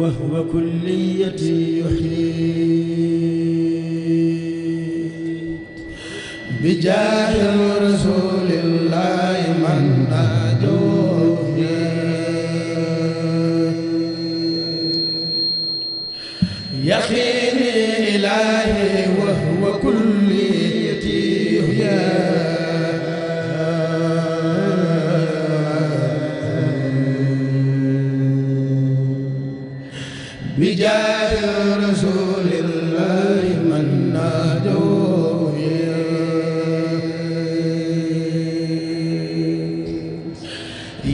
وهو كليتي يحيي بجاه الرسول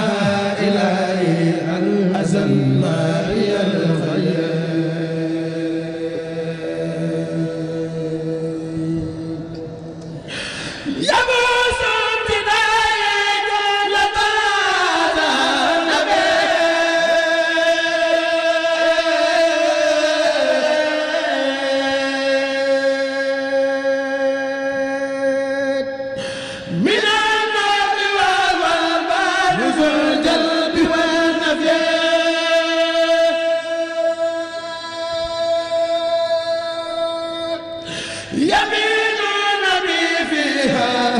إله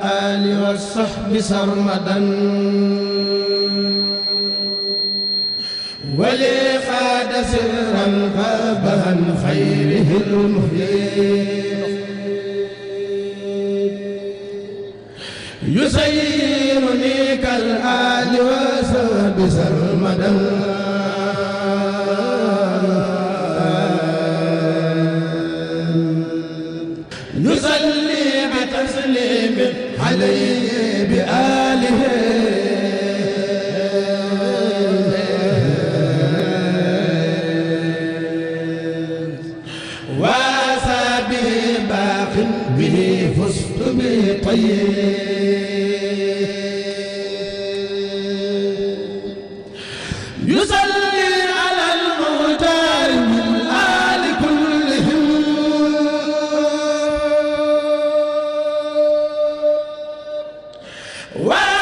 والآل والصحب سرمدا ولي خاد سرا غاب عن خيره المفيد يسيرني كالآل والصحب سرمدا واسى به باق به فزت بطيب يصلي على الموتى من آل كلهم واسى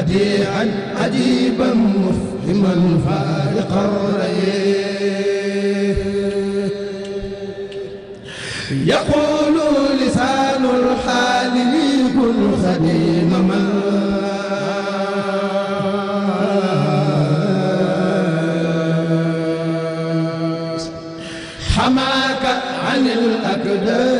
بديعا عجيبا مفهما فارق الريح يقول لسان الحال ليكن خديم من حماك عن الأكدار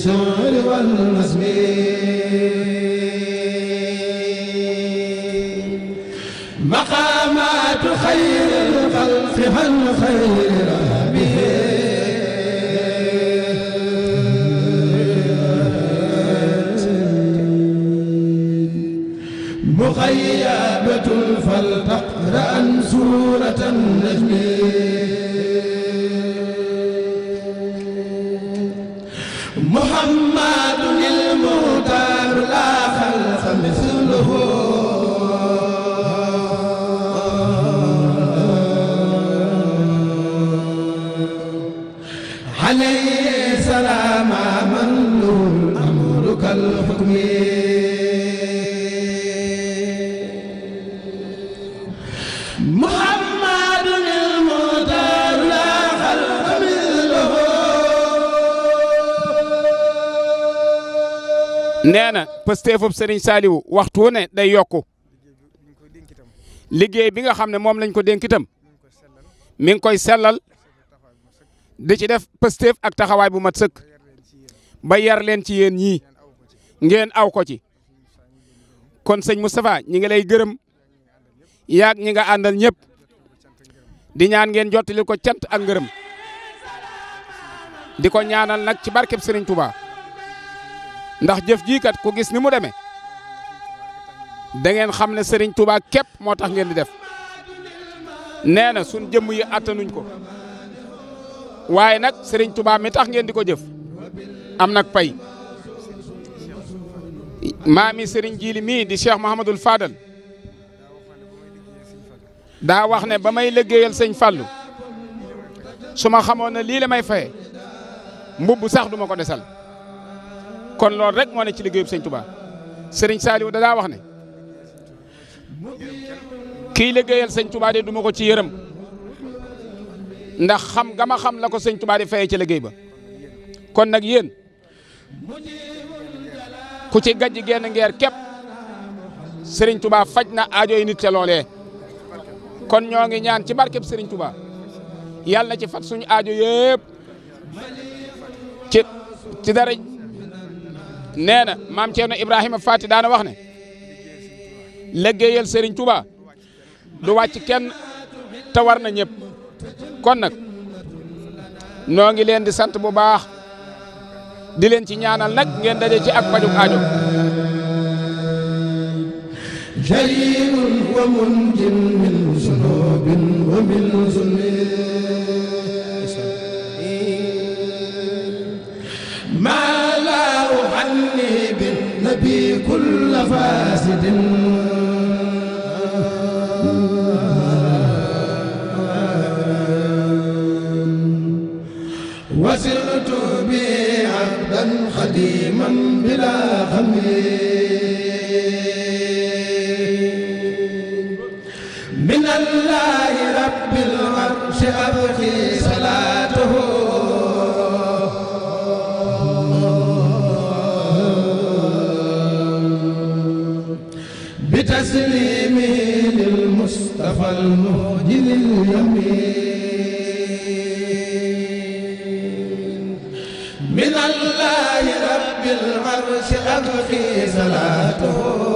السعر والنسب مقامات خير الخلق عن خير ربه مخيبة فلتقرأ سورة النجم على ما من له الأمر كالحكم محمد المختار لا خلق مثله na pësteefub Sëriñ Saaliwu waxtu wu ne day yokku liggéey bi nga xam ne moom lañ ko dénk itam koy sellal di ci def pësteef ak taxawaay bu mat sëkk ba yar leen ci yéen ñii ngeen aw ko ci kon sëñ Moustapha ñi ngi lay gërëm yaag ñi nga àndal ñëpp di ñaan ngeen jottali ko cant ak ngërëm di ko ñaanal nag ci barkeb Serigne tubaa ndax jëf jii kat ku gis ni mu demee da ngeen xam ne Serigne Touba képp moo tax ngeen di def nee na sunu jëmm yi attanuñ ko. waaye nag sëriñ Touba mi tax ngeen di ko jëf am nag pay maami sëriñ Jili mii di Cheikh Mouhamadul Fadal daa wax ne ba may liggéeyal sëñ Fallou su ma xamoon ne lii la may faye mbubb sax duma ko desal kon loolu rek moo ne ci liggéeyub sëñ Touba sëriñ Saliou da daa wax ne kiy liggéeyal sëñ Touba de duma ko ci yërëm ndax xam gama xam la ko sëñ Tuubaa di fayee ci liggéey ba kon nag yéen ku ci gajj genn ngeer képp sëriñ Tuubaa faj na aajoy nit ca loolee kon ñoo ngi ñaan ci barkeb sëriñ Tuubaa yàlla na ci fat suñu aajo yëpp ci dara nee na maam Thierno Ibrahima Fati daana wax ne liggéeyal sëriñ Tuubaa du wàcc kenn te war na ñëpp kon nag noo ngi leen di sant bu baax di leen ci ñaanal nag ngeen daje ci ak pajuk aajo جليل ومنج من ذنوب ومن ذنوب ما لا أحني بالنبي كل فاسد المهجل اليمين من الله رب العرش أبقي صلاته